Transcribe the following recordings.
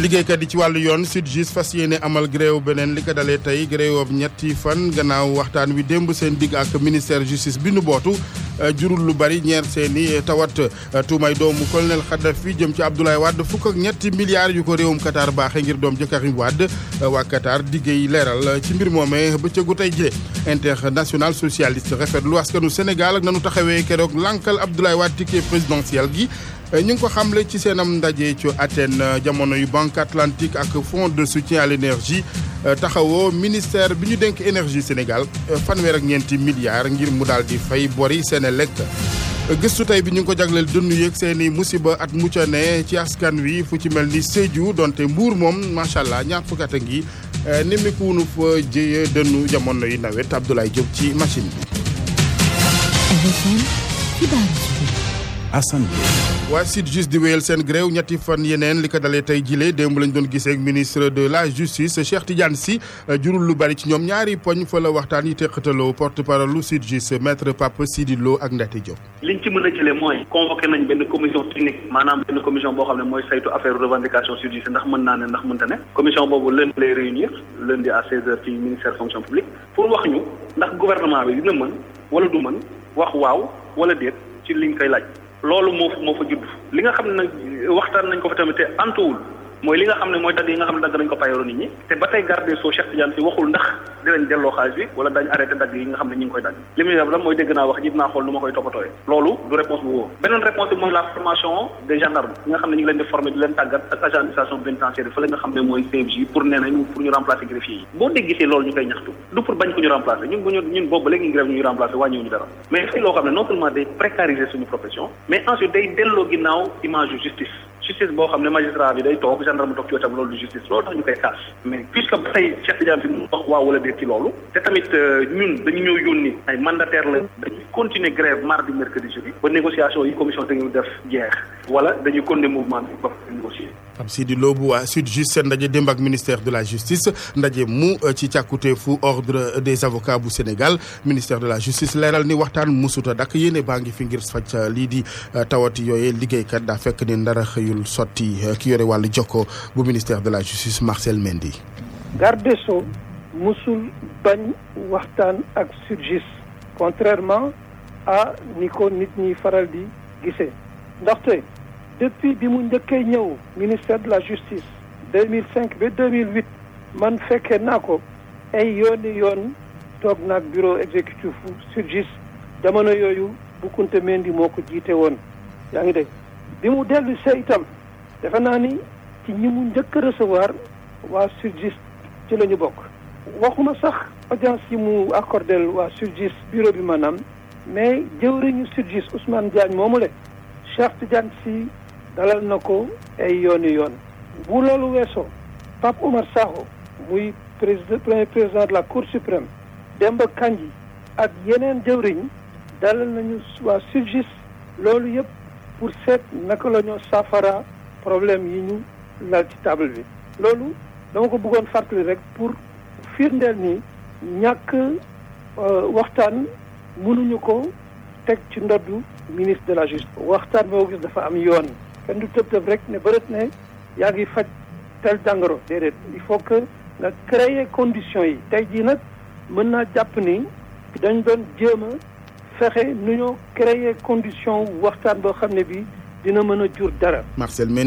liggéeykat yi ci wàllu yoon SYTJUST fas yéene amal gréew beneen li ko dalee tey gréewoob ñetti fan gannaaw waxtaan wi démb seen digg ak ministère justice bi nu bootu euh, jurul lu bari ñeer seeni tawat euh, tuumay doomu colonel Khadafi jëm ci Abdoulaye Wade fukk ñetti milliards yu ko réewum Qatar baaxe ngir doom ja Karim Wade euh, waa Qatar diggéey leeral ci mbir moomee bëccëgu tey jile international socialiste rafetlu askanu Sénégal ak nanu taxawee keroog lankal Abdoulaye Wade ticket présidentiel gi Eh, ñu ngi ko xamle ci seenam ndaje ci Athènes eh, jamono yu banque atlantique ak fonds de soutien à l'énergie eh, taxawoo ministère bi ñu denk énergie Sénégal fanweer ak ñeenti milliards ngir mu daal di fay bori lekk gëstu tey bi ñu ngi ko jagleel dënnu yeeg seen i musiba at mucca ci askan wi fu ci mel ni Sédhiou donte mbuur moom macha allah ñaar fukki at a ngi nemmeeku wu fa jëye dënnu jamono yi nawet Abdoulaye Diop ci machine bi. Assane waa SYTJUST di wéyal seen gréew ñetti fan yeneen li ko dalee tey jile démb lañ doon gisee ak ministre de la justice Cheikh Tidiane Sy eh, jurul lu bari ci ñoom ñaari poñ fa la waxtaan yi teqataloo porte parole lu SYTJUST maître Pape Sidi Lo ak Ndate Diop. liñ ci mën a jëlee mooy convoqué nañ benn commission technique maanaam benn commission boo xam ne mooy saytu affaire revendication SYTJUST naa ne ndax mënta ne commission boobu lundi lay réunir lundi à 16h ci ministère fonction publique pour wax ñu ndax gouvernement bi dina mën wala du mën wax laaj. loolu moo moo fa judd li nga xam ne waxtaan nañ ko fa tamit te antuwul mooy li nga xam ne mooy tag yi nga xam ne dagg nañu ko payero nit ñi te ba tey garde soo Cheikh Tidiane si waxul ndax dinañ delloo xaalis bi wala dañ arrêté dagg yi nga xam ne ñi ngi koy dagg li muy def mooy dégg naa wax ji dinaa xool nu ma koy toppatooye loolu du yi nga xam ne di leen tàggat ak agent d'administration pénitentiaire yi fa nga xam ne mooy CFJ pour nee pour ñu remplacer greffier yi boo déggisee loolu ñu koy ñaxtu du pour bañ ko ñu remplacer justice boo xam ne magistrat bi day toog gendarme toog ci wetam loolu du justice loolu tax waaw wala loolu te tamit euh, ñun dañu ñëw yónni ay mandataire la dañuy continuer grève mardi mercredi jeudi ba négociation yi commission technique def jeex wala dañuy continuer mouvement bi ba négocier am si di loobu waa sud juste seen ndaje démb ak ministère de la justice ndaje mu euh, ci càkkuteefu ordre des avocats bu Sénégal ministère de la justice leeral ni waxtaan musuta dakk yéene baa ngi fi ngir faj euh, lii di tawati yooye liggéeykat daa fekk ni ndara Darou Sotti eh, ki yore wàllu jokko bu ministère de la justice Marcel Mendy. gardeso des bañ waxtaan ak surgis contrairement à ni ko nit ñi faral di gisee ndaxte depuis bi mu njëkkee ñëw ministère de la justice 2005 ba 2008 man fekkee naa ko ay yooni yoon toog naag bureau exécutif surgis jamono yooyu Boucounta Mendy moo ko jiite woon yaa ngi dégg bi mu dellu see itam defe naa ni ci ñi mu njëkk a recevoir waa surgis ci la ñu bokk waxuma sax audience yi mu accordel waa surgis bureau bi maanaam mais jëwriñu surgis Ousmane Diagne moomu le Cheikh Tidiane Sy dalal na ko ay yooni yoon bu loolu weesoo Pape Oumar Sakho muy président premier président de la cour suprême Demba Kandji ak yeneen jëwriñ dalal nañu waa surgis loolu yëpp pour seet naka la ñoo safara problème yi ñu lal ci table bi loolu dama ko bëggoon fàttali rek pour firndeel ni ñàkk euh, waxtaan mënuñu ko teg ci ndoddu ministre de la justice waxtaan boo gis dafa am yoon kenn du tëb tëb rek ne bërët ne yaa ngi faj tel jàngoro déedéet il faut que nga créer conditions yi tey jii nag mën naa jàpp ni dañ doon jéem a fexe nu ñu créer condition waxtaan boo xam ne bii dina mën a jur dara.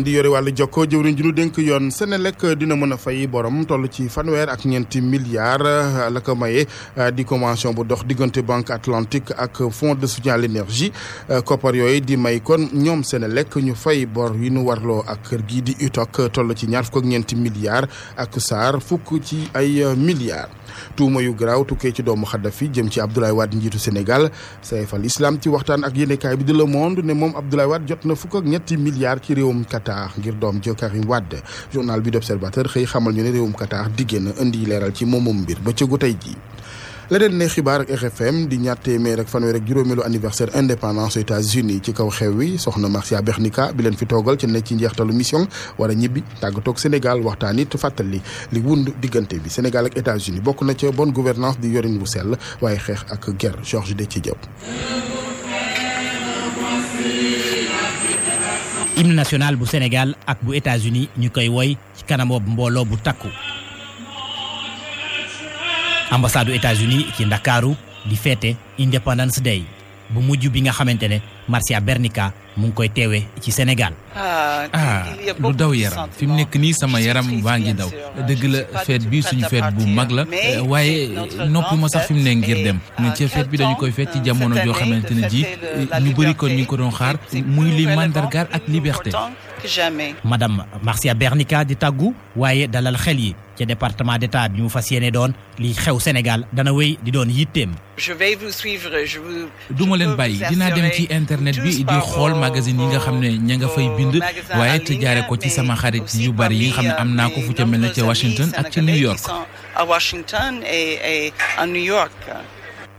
yore wàllu jokkoo jëwriñ ji ñu dénk yoon lekk dina mën a fay borom toll ci fanweer ak ñeenti milliards euh, la ko maye euh, di commencion bu dox diggante banque atlantique ak fonds de soutien à l'énergie euh, koppar yooyu di may kon ñoom lekk ñu fay bor yi nu warloo ak kër gii di UTOC toll ci ñaar fukk ak ñeenti milliards ak SAR fukk ci ay milliards. tuuma yu garaaw tukkee ci doomu Xaddafi jëm ci Abdoulaye Wade njiitu Sénégal Saïf al Islam ci waxtaan ak yéenekaay bi di fukk ak ñetti milliards ci réewum Qatar ngir doom ji Karim Wade journal bi d'Observateur xëy xamal ñu ne réewum Qatar diggée na indi leeral ci moomum mbir ba cëgu tey ji leneen ne xibaar ak RFM di ñaar téeméer ak fanweer ak juróomeelu anniversaire indépendance États-Unis ci kaw xew wi soxna Marcia Bernica bi leen fi toogal ci ne ci njeextalu mission war a ñibbi tàggatoog Sénégal waxtaan it fàttali li wund diggante bi Sénégal ak états uni bokk na ca bonne gouvernance di yorin bu sell waaye xeex ak guerre Georges Déthié Diop hymne national bu Sénégal ak bu états ñu koy woy ci kanamoo mbooloo bu takku ambassade u ci Ndakaaru di fête Independence Day bu mujj bi nga xamante Marcia Bernica mu ngi koy teewee ci senegal ah, ah lu daw yaram fi mu nekk nii sama yaram baa ngi daw dëgg la fête bi suñu fête bu mag la waaye noppi ma sax fi mu ne ngir dem ci fête bi dañu koy fête ci jamono joo xamante ne ji ñu bëri kon ñu ngi ko doon xaar muy li mandargaal ak liberté. madame Marcia Bernica di tàggu waaye dalal xel yi ca département d'état bi mu fa yéene doon li xew Sénégal dana wéy di doon yitteem. internet bi di xool magazine yi nga xam ne ña nga fay bind waaye te jaare ko ci sama xarit yu bari yi nga xam ne am naa ko fu ca mel ne ca Washington ak ca New York.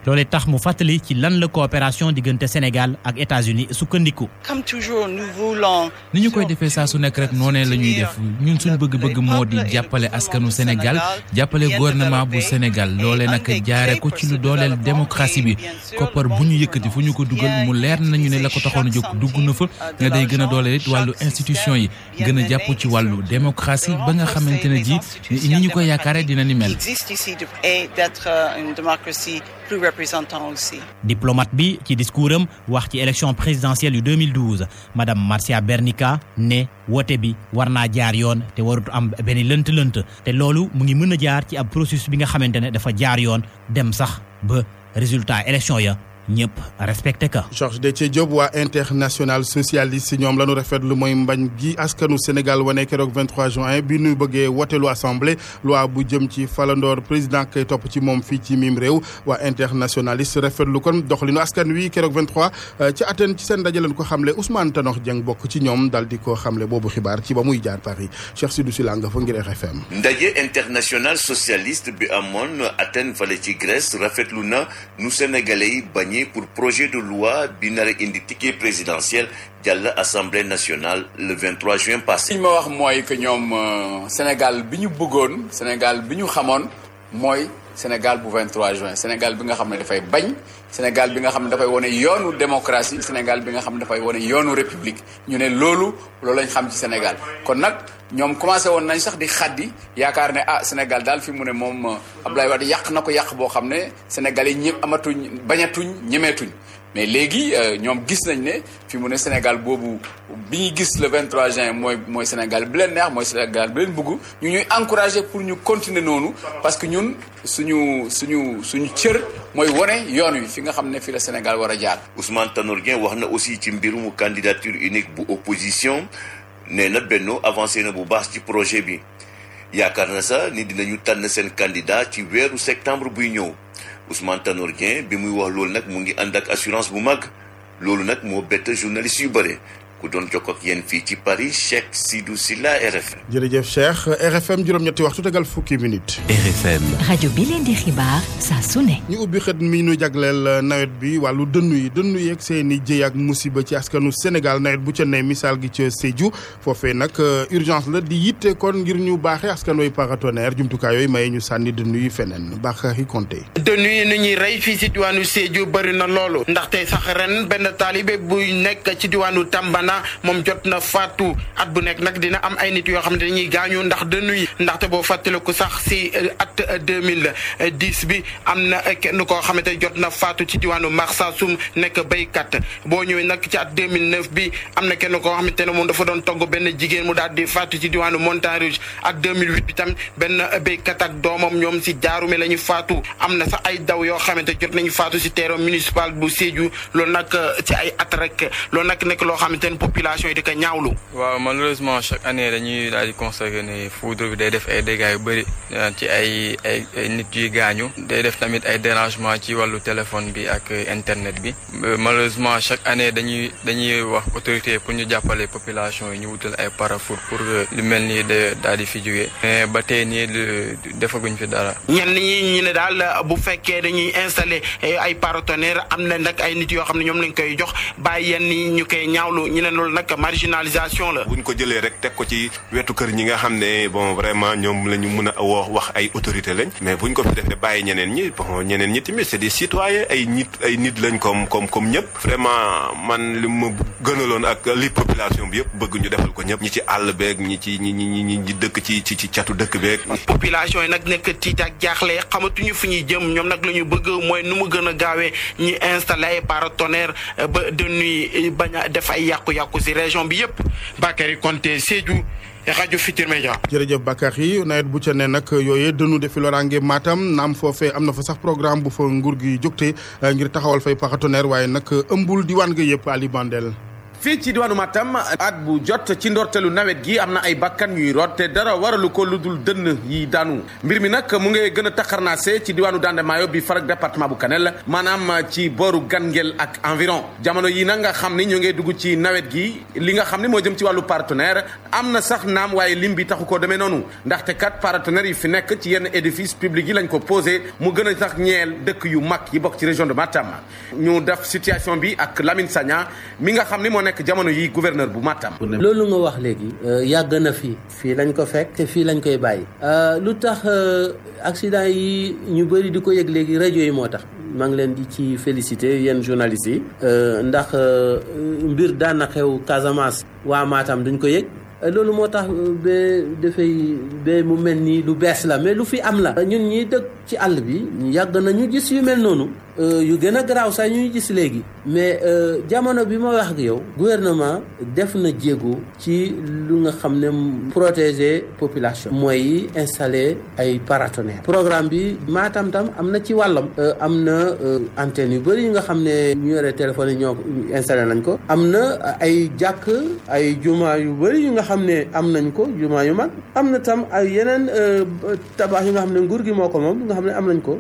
loolee tax mu fàttali ci lan la coopération diggante Sénégal ak États-Unis sukkandiku. comme toujours ñu koy defee saa su nekk rek noonee la ñuy def ñun suñu bëgg-bëgg moo di jàppale askanu Sénégal jàppale gouvernement bu Sénégal loolee nag jaare ko ci lu dooleel démocratie bi koppar bu ñu yëkkati fu ñu ko dugal mu leer nañu ne la ko taxoon a jóg dugg na fa nga day gën a dooleel it wàllu institution yi gën a jàpp ci wàllu démocratie ba nga xamante ne ji ni ñu ko yaakaare dina ni mel. plus représentant bi ci discours am wax ci élection présidentielle yu 2012 madame Marcia Bernica ne woote bi war naa jaar yoon te warut am benn lënt-lënt te loolu mu ngi mën a jaar ci ab processus bi nga xamante ne dafa jaar yoon dem sax ba résultat élection ya. ñëpp respecté ka Georges Déthié Diop waa international ñoom la ñu rafetlu mooy mbañ gi askanu Sénégal wane keroog 23 juin bi ñu bëggee wote lu assemblée loi bu jëm ci falandoor président kay topp ci moom fii ci mim réew waa internationaliste rafetlu kon doxalinu askan wi keroog 23 euh, ci Athènes ci seen ndaje lañ ko xamle Ousmane Tanor Dieng bokk ci ñoom dal di ko xamle boobu xibaar ci ba muy jaar Paris Cheikh Sidou Sylla nga fa ngir RFM. ndaje international socialiste bi amoon Athènes fale ci Grèce rafetlu na nu sénégalais yi bañ accompagné pour projet de loi bi nar a indi ticket présidentiel jàll assemblée nationale le 23 juin passé. li ma wax mooy que ñoom euh, Sénégal bi ñu bëggoon Sénégal bi ñu xamoon mooy Sénégal bu 23 juin Sénégal bi nga xam ne dafay bañ. Sénégal bi nga xam ne dafay wane yoonu démocratie Sénégal bi nga xam ne dafay wane yoonu république ñu ne loolu loolu lañ xam ci Sénégal kon nag ñoom commencé woon nañ sax di xaddi yaakaar ne ah Sénégal daal fi mu ne moom Abdoulaye Wade yàq na ko yàq boo xam ne Sénégal yi ñi amatuñ bañatuñ ñemeetuñ mais léegi euh, ñoom gis nañ ne fi mu ne Sénégal boobu bi ñuy gis le 23 juin mooy mooy Sénégal bi leen neex mooy Sénégal bi leen bëgg ñu ñuy encouragé pour ñu continuer noonu parce que ñun suñu suñu suñu cër mooy wane yoon wi fi nga xam ne fi la Sénégal war a jaar. Ousmane Tanor Dieng wax na aussi ci mbirum candidature unique bu opposition nee na benn avancé na bu baax ci projet bi yaakaar na sax ni dinañu tànn seen candidat ci weeru septembre buy ñëw. Ousmane Tanor Dieng bi muy wax loolu nag mu ngi ànd ak assurance bu mag loolu nag moo bett journaliste yu bare bu doon jokk ak yéen fii ci Paris Cheikh Sidou Silla RFM. RFM juróom-ñetti waxtu tegal fukki minute. RFM rajo bi leen di xibaar saa su ne. ñu ubbi xët mi nu jagleel euh, nawet bi wàllu dënnu yi dënnu yeeg seen i jëy ak musiba ci askanu Sénégal nawet bu ca ne misaal gi ca Sédhiou foofee nag euh, urgence la di yitte kon ngir ñu baaxee askan way paratonnerre jumtukaay yooyu maye ñu sànni dënnu yi feneen baax yi compté. dënnu yi nu rey fii si diwaanu Sédhiou bëri loolu ndaxte ans moom jot na faatu at bu nekk nag dina am ay nit yoo xam ne dañuy gaañu ndax dañuy ndaxte boo fàttaliku sax si euh, at 2010 euh, euh, bi am na kenn koo xamante jot na faatu ci diwaanu Marsassoum nekk béykat boo ñëwee nag ci at 2009 bi am na kenn koo xamante ne moom dafa doon togg benn jigéen mu daal di faatu ci diwaanu Montagne Rouge at 2008 bi tam benn béykat ak doomam ñoom si jaarume la ñu faatu am na sax ay daw yoo xam xamante jot nañu faatu si terrain municipal bu Sédhiou loolu nag ci ay at rek loolu nag nekk loo xamante yenn population yi di ko ñaawlu. waaw malheureusement chaque année dañuy daal di constater ne foudre bi day def ay dégâts yu bëri euh, ci ay nit yuy gaañu. day def tamit ay dérangement ci wàllu téléphone bi ak internet bi. Euh, malheureusement chaque année dañuy dañuy wax autorité pour ñu jàppale population yi ñu wutal ay parafoot pour lu mel ni daal di fi jógee. mais ba tey nii defaguñ fi dara. ñenn ñi daal bu fekkee dañuy installé ay paratonnerre am na nag ay nit yoo xam ne ñoom lañ koy jox bàyyi yenn ñu koy ñaawlu ne loolu nag marginalisation la. bu buñ ko jëlee rek teg ko ci wetu kër ñi nga xam ne bon vraiment ñoom la ñu mën a woo wax ay autorité lañ. mais buñ ko fi defee bàyyi ñeneen ñi bon ñeneen ñi tamit c'est des citoyens ay nit ay lañ comme comme comme ñëpp. vraiment man li ma gënaloon ak li population bi yëpp bëgg ñu ko ñëpp. ñi ci àll beeg ñi ci ñi ñi ñi ñi dëkk ci ci ci catu dëkk beeg. population yi nag nekk tiit ak jaaxle xamatuñu fu ñuy jëm ñoom nag la ñu bëgg mooy nu mu gën a gaawee ñu installé ay paratonnerre eh, ba de nuit eh, bañ a def ay yàqu yàqu si région bi yëpp Bakary Konté Sédhiou rajo Futurs Médias. jërëjëf Bakary nawet bu ca ne nag yooyee dënu defi loraange Matam naam foofee am na fa sax programme bu fa nguur gi jógte ngir taxawal fay partenaire waaye nag ëmbul diwaan nga yëpp Ali Bandel. fii ci diwaanu Matam at bu jot ci ndorteelu nawet gi am na ay bakkan yuy root te dara waralu ko lu dul dënn yi daanu mbir mi nag mu ngi gën a taxarnaase ci diwaanu Dandemayo bi farak département bu Kanel maanaam ci booru Gangel ak environ jamono yi nag nga xam ni ñoo ngee dugg ci nawet gi li nga xam ni moo jëm ci wàllu partenaire am na sax naam waaye lim bi taxu koo demee noonu ndaxte kat partenaires yi fi nekk ci yenn édifice public yi lañ ko posé mu gën a sax ñeel dëkk yu mag yi bokk ci région de Matam ñu bi ak jamono yi gouverneur bu Matam. loolu nga wax léegi euh, yàgg na fii fii lañ ko fekk fii lañ koy bàyyi. Euh, lu tax euh, accident yi ñu bëri di ko yëg léegi rajo yi moo tax. maa ngi leen di ci félicité yenn journalistes yi. ndax mbir daan na xew Casamance. waa Matam duñ ko yëg. loolu moo tax ba dafay ba mu mel nii lu bees la mais lu fi am la. ñun ñi dëkk ci àll bi yàgg na ñu gis yu mel noonu. Euh, yu gën a garaaw saa ñuy gis léegi mais euh, jamono bi ma wax ak yow gouvernement def na jéego ci lu nga xam ne protéger population mooy installer ay paratonnerres programme bi Matam tam am na ci wàllam euh, am na antenne yu bëri yu nga xam ne ñu yore téléphone yi ñoo nañ ko am na ay jàkk ay juma yu bëri yu nga xam ne am nañ ko juma yu mag am na tam ay yeneen tabax yu nga xam ne nguur gi moo ko moom nga xam ne am nañ ko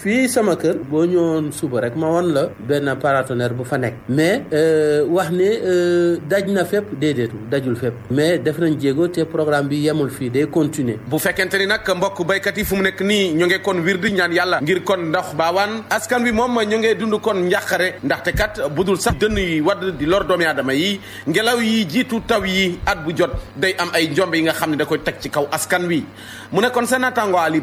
fii sama kër boo ñëwoon suba rek ma won la benn paratonnerre bu fa nekk mais euh, wax ne euh, daj na fépp déedéetu dajul fépp mais def nañ jéego te programme bi yemul fii day continuer bu fekkente ni nag mbokk baykat yi fu mu nekk nii ñu ngi kon wir wirdi ñaan yàlla ngir kon ndox baawaan askan wi moom ñu ngi dund kon njàqare ndaxte kat bu dul sax dënn yi wadd di lor doomi aadama yi ngelaw yi jiitu taw yi at bu jot day am ay njombe yi nga xam ne da koy teg ci kaw askan wi mu nekkoon seen naataango Ali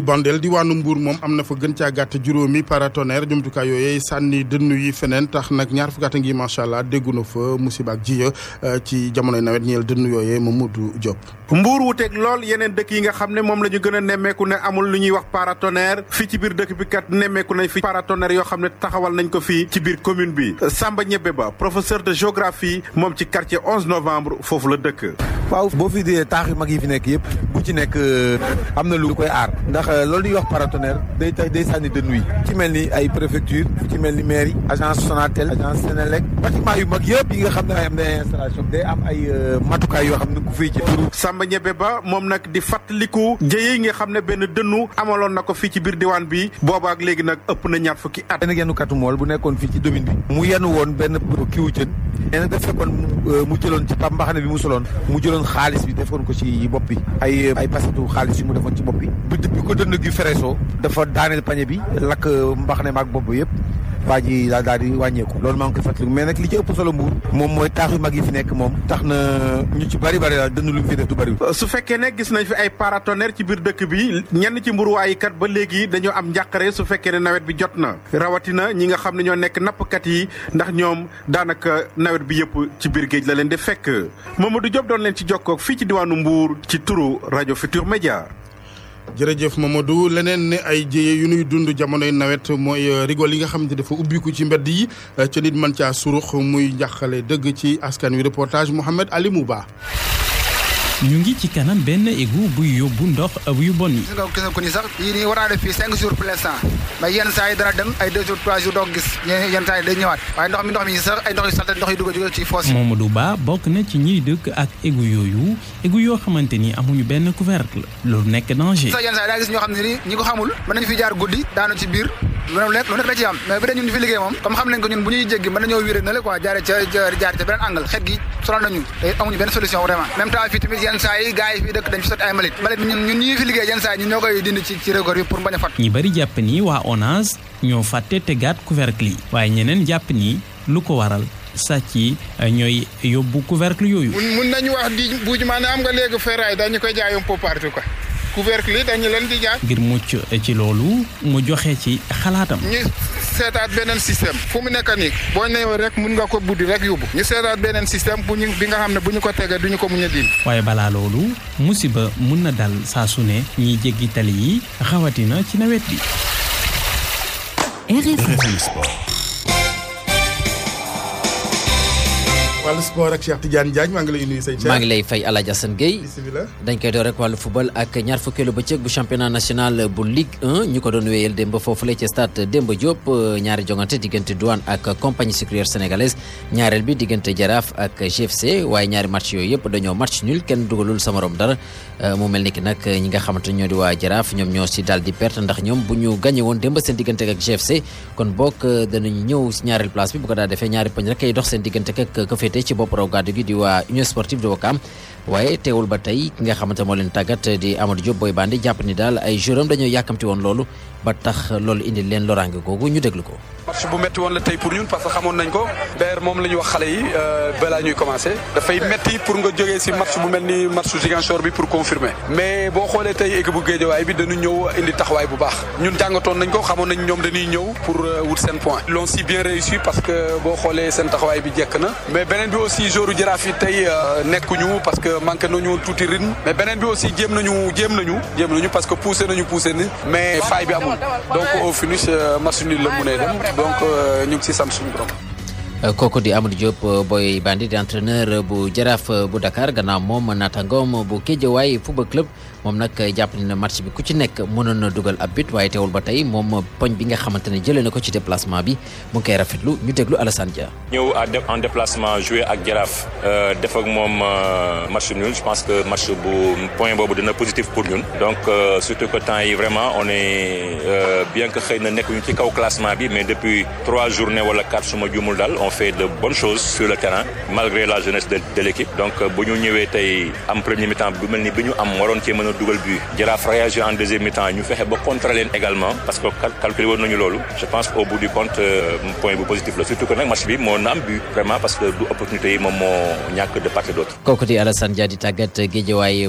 Bandel diwaanu Mbour moom am na fa gën caa gàtt juróomi paratonnerre jumtukaay yooyu sànni dënnu yi feneen tax nag ñaar fukki at a ngi macha allah déggu na fa musiba ak jiya euh, ci jamonoy nawet ñeel dënnu yooyu Mamadou Diop. Mbour wuuteeg lool yeneen dëkk yi nga xam ne moom la ñu gën a nemmeeku ne amul lu ñuy wax paratonnerre fii ci biir dëkk bi kat nemmeeku nañ fi paratonnerre yoo xam ne taxawal nañ ko fii ci biir commune bi Samba Ñebbe Ba professeur de géographie moom ci quartier 11 novembre foofu la dëkk. waaw boo fi dee taax mag yi fi nekk yëpp bu ci nekk euh, am na lu koy aar euh, paratonnerre day sànni de nuit ci mel ni ay préfecture fu ci mel ni mairie agence Sonatel agence Sénélec bâtiment yu mag yëpp yi nga xam ne ay am na installation day am ay euh, matukaay yoo xam ne ku fay ji pour Samba Ñebe ba moom nag di fàttaliku njëye yi nga xam ne benn dënnu amaloon na ko fii ci biir diwaan bi booba ak léegi nag ëpp na ñaar fukki at benn yenukatu mool bu nekkoon fii ci domaine bi mu yenu woon benn kiwu euh, mu jëloon ci pam mbaxane bi mu soloon mu jëloon xaalis bi defoon ko ci bopp bi ay ay pasatu xaalis yu mu defoon ci bopp bi oto dafa daaneel pañe bi lakk mbax ne maag bopp yëpp waa yi daal daal di wàññeeku loolu maa ngi koy fàttaliku mais nag li ci ëpp solo mbuur moom mooy taax yu mag yi fi nekk moom tax na ñu ci bari bari daal dënn lu mu fi def du bari su fekkee ne gis nañ fi ay paratonnerre ci biir dëkk bi ñenn ci mburuwaay yi kat ba léegi dañoo am njàqare su fekkee ne nawet bi jot na rawatina ñi nga xam ne ñoo nekk nappkat yi ndax ñoom daanaka nawet bi yëpp ci biir géej la leen di fekk moom Mamadou Diop doon leen ci jokkoog fii ci diwaanu Mbour ci turu rajo Futur Média jërëjëf Mamadou leneen ne ay jéye yu nuy dund jamonoy nawet mooy euh, rigol yi nga xamante dafa ubbiku ci mbedd yi euh, ca nit man caa surux muy njàqale dëgg ci askan wi reportage Mouhamed Ali Mouba ñu ngi ci kanam benn égout buy yóbbu ndox yu bon yi. sax yii nii war fii cinq yenn saa yi dana dem ay deux jours jours doo gis yenn saa yi bokk na ci ñiy dëkk ak égout yooyu égout yoo xamante ni amuñu benn couvercle loolu nekk danger. sax yenn saa yi daa gis ñoo xam ni ñi ko xamul mën nañu fi jaar guddi daanu ci biir. lu nekk lu nekk da ci am mais bu dee ñun di fi liggéey moom comme xam nañ ko ñun bu ñuy jéggi mën nañoo wiire na la quoi jaare ca jaar yenn saa yi gars yi fi dëkk dañ fi sotti ay mbalit mbalit bi ñun ñun ñii fi liggéey yenn saa yi ñoo koy dindi ci ci récolte bi pour bañ a fat ñi bari jàpp ni waa ONAS ñoo fàtte tegaat couvercle yi waaye ñeneen jàpp ni lu ko waral sàcc yi eh, ñooy yóbbu couvercle yooyu mun nañu wax di buuj maanaam am nga léegi ferraille dañu koy jaayum po partout ko couvercle yi dañu leen di jaay. ngir mucc ci loolu mu joxe ci xalaatam. ñu seetaat beneen système fu mu nekk nii boo ñëwee rek mun nga ko buddi rek yóbbu ñu seetaat beneen système bu bi nga xam ne bu ñu ko tegee duñu ko mun a diin. waaye balaa loolu musiba mun na dal saa su ne ñiy jéggi tali yi rawatina ci nawet bi. RFM wàllu sport ak Cheikh Tidiane Diagne maa ngi lay nuyu sëñ Cheikh maa ngi lay fay El Hadj Assane Gueye dañ koy door rek wàllu football ak ñaar fukkeelu bëccëg bu championnat national bu Ligue 1 ñu ko doon wéyal démb foofule ci stade Demba Diop euh, ñaari jongante diggante Jaraaf ak GFC waaye ñaari match yooyu yëpp dañoo match nul kenn dugalul sa morom dara euh, mu mel ni ki ñi nga xamante ñoo di waa Jaraaf ñoom ñoo si daal di perte ndax ñoom bu ñu gagné démb seen diggante ak GFC kon bokk euh, danañ ñëw ñaareel place ci bopp raw gàddu gi di waa union sportive de Ouakam waaye teewul ba tey ki nga xamante moo leen tàggat di Amadou Diop Boy Bandi jàpp ni daal ay jouram dañoo yàkkamti woon loolu ba tax loolu indi leen loraange googu ñu déglu ko. marche bu metti woon la tey pour ñun parce que xamoon nañ ko d'ailleurs moom la wax xale yi euh, balaa ñuy commencé dafay metti pour nga jógee si marche bu mel ni marche Ziguinchor bi pour confirmer mais boo xoolee tey équipe bu géejawaay bi dañu ñëw indi taxawaay bu baax ñun jàngatoon nañ ko xamoon nañ ñoom dañuy ñëw pour euh, wut seen point l'on si bien réussi parce que boo xoolee seen taxawaay bi jekk na mais euh, que manqué nañu tuuti rythme mais beneen bi aussi jéem nañu jéem nañu jéem nañu parce que poussé nañu donc au finish euh, match nul la mu ne dem donc euh, ñu ngi si sant suñu borom. Euh, kooku di Amadou Diop euh, Boy Bandi di entraîneur bu Jaraaf euh, bu Dakar gannaaw moom naataangoom bu Guédiawaye football club moom nag jàpp na match bi ku ci nekk mënoon na dugal ab but waaye teewul ba tey moom poñ bi nga xamante ne jëlee na ko ci déplacement bi mu ngi koy rafetlu ñu déglu Alassane Dia. ñëw en déplacement jouer ak Jaraaf def ak moom match nul je pense que match bu point boobu dina positif pour ñun. donc surtout que temps yi vraiment on est bien que xëy na nekkuñu ci kaw classement bi mais depuis trois journées wala quatre suma juumul daal. ont fait de bonnes choses sur le terrain malgré la jeunesse de l'équipe donc euh, bu ñu ñëwee tey am premier mi bu mel ni bi ñu am waroon cee mën a dugal but Jaraaf réagir en deuxième mi ñu fexe ba contrer leen également parce que calculé woon nañu loolu je pense au bout du compte euh, point bu positif la surtout que nag bi moo na am vraiment parce que du opportunité yi moom moo ñàkk de part d'autre. kooku di Alassane Dia di tàggat Guédiawaye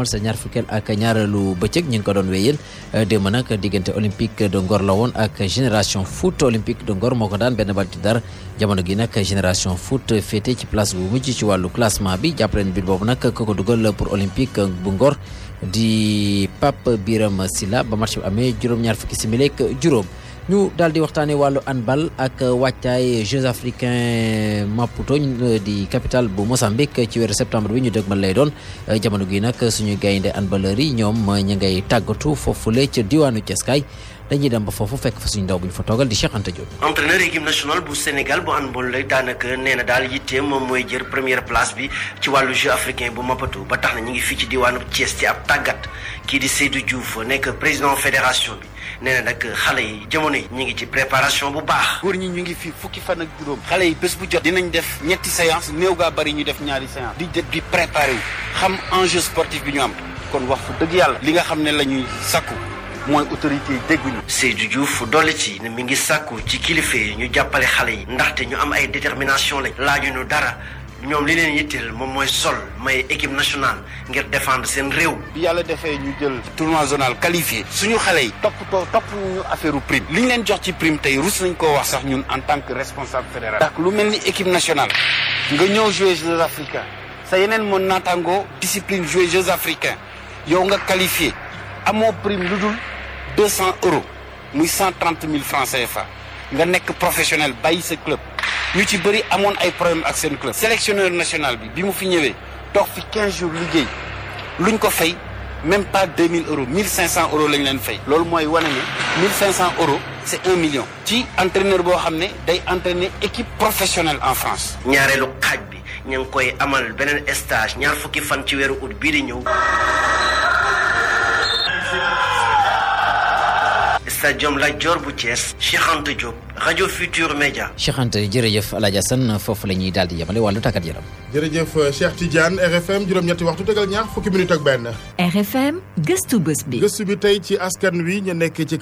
amal sa ñaar fukkeel ak ñaareelu bëccëg ñu ngi ko doon wéyal euh, démb nag diggante olympique de Ngor la woon ak génération foot olympique de Ngor moo ko daan benn bal ci dara jamono gi nag génération foot féete ci place bu mujj ci wàllu classement bi jàppaleen biir boobu nag ko ko dugal pour olympique bu Ngor di Pape Biram Silla ba match bi amee juróom-ñaar fukki simili ak juróom ñu daal di waxtaanee wàllu handball ak wàccaay Jeux africains Maputo euh, di capitale bu Mozambique ci weeru septembre bi ñu dëgmal lay doon euh, jamono gi nag suñu gaynde handballeur yi ñoom ñu ngay tàggatu foofule ca diwaanu Ceskaay dañuy dem ba foofu fekk fa suñu ndaw bu ñu fa toogal di Cheikh Anta Diop. entraîneur nationale bu Sénégal bu handball lay daanaka nee na daal yitteem moom mooy jër première place bi ci wàllu jeu africain bu Maputo ba tax na ñu ngi fii ci diwaanu Thiès ci ab tàggat kii di Seydou Diouf nekk président fédération bi. nee nag xale yi jamono yi ñu ngi ci préparation bu baax góor ñi ñu ngi fii fukki fan ak juróom xale yi bés bu jot dinañ def ñetti séance néew gaa bëri ñu def ñaari séance di jët di préparé xam enjeu sportif bi ñu am kon wax fu dëgg yàlla li nga xam ne la ñuy sakku mooy autorité yi dégguñu Seydou fu dolli ci ne mi ngi sàkku ci kilifa yi ñu jàppale xale yi ndaxte ñu am ay détermination lañ laajuñu dara ñoom li leen yitteel moom mooy sol may équipe nationale ngir défendre seen réew. bi yàlla defee ñu jël tournoi zonal qualifié suñu xale yi. topp ko topp ñu affaire prime. li ñu leen jox ci prime tey rus nañ koo wax sax ñun en tant que responsable fédéral. ndax lu mel ni équipe nationale. nga ñëw jouer Jeux africains. sa yeneen mën naataangoo discipline jouer Jeux africains yow nga qualifié amoo prime lu dul deux cent euros muy cent trente mille francs CFA nga nekk professionnel bàyyi sa ñu ci bëri amoon ay problème ak seen club. sélectionneur national bi bi mu fi ñëwee toog fi 15 jours liggéey luñ ko fay même euro 2000 euros 1500 euros lañ leen fay. loolu mooy wane ne 1500 euros c' est 1 million. ci entraîneur boo xam ne day entraîner équipe professionnelle en France. ñaareelu xaaj bi ñu ngi koy amal beneen stage ñaar fukki fan ci weeru ut bii di ñëw. stadium Lat Dior bu Thiès Cheikh Anta Diop rajo Futur Média. Cheikh Anta jërëjëf El Hadj Assane foofu la ñuy daal di yemale wàllu tàggat yaram. jërëjëf eh, Cheikh Tidiane RFM juróom-ñetti waxtu tegal ñaar fukki minute ak benn. RFM gëstu bés bi. gëstu bi tey ci askan wi ñu nekk ci.